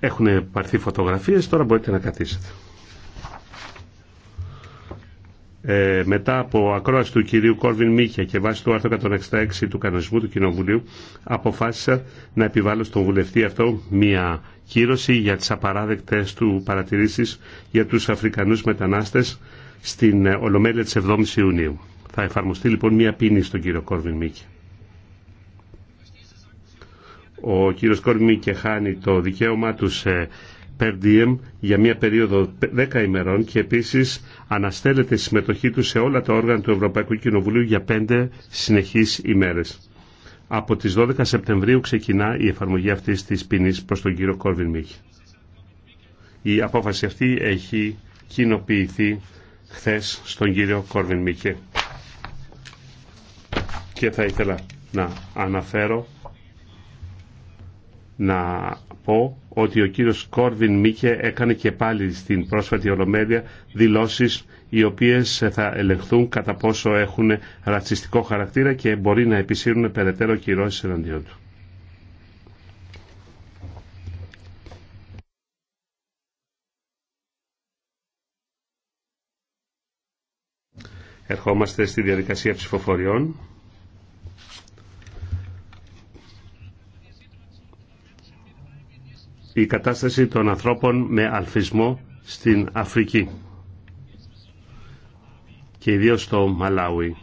Έχουν πάρθει φωτογραφίες, τώρα μπορείτε να καθίσετε. Ε, μετά από ακρόαση του κυρίου Κόρβιν Μίχια και βάσει του άρθρου 166 του κανονισμού του Κοινοβουλίου, αποφάσισα να επιβάλλω στον βουλευτή αυτό μία κύρωση για τις απαράδεκτες του παρατηρήσεις για τους Αφρικανούς μετανάστες στην ε, Ολομέλεια της 7ης Ιουνίου. Θα εφαρμοστεί λοιπόν μία πίνη στον κύριο Κόρβιν Μίχια ο κύριος και χάνει το δικαίωμά του σε per diem για μια περίοδο 10 ημερών και επίσης αναστέλλεται η συμμετοχή του σε όλα τα όργανα του Ευρωπαϊκού Κοινοβουλίου για 5 συνεχείς ημέρες. Από τις 12 Σεπτεμβρίου ξεκινά η εφαρμογή αυτής της ποινή προς τον κύριο Κόρβιν Μίχη. Η απόφαση αυτή έχει κοινοποιηθεί χθες στον κύριο Κόρβιν Μίχη. Και θα ήθελα να αναφέρω να πω ότι ο κύριος Κόρβιν Μίκε έκανε και πάλι στην πρόσφατη Ολομέλεια δηλώσεις οι οποίες θα ελεγχθούν κατά πόσο έχουν ρατσιστικό χαρακτήρα και μπορεί να επισύρουν περαιτέρω κυρώσεις εναντίον του. Ερχόμαστε στη διαδικασία ψηφοφοριών. η κατάσταση των ανθρώπων με αλφισμό στην Αφρική και ιδίως στο Μαλάουι.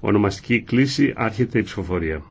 Ονομαστική κλίση άρχεται η ψηφοφορία.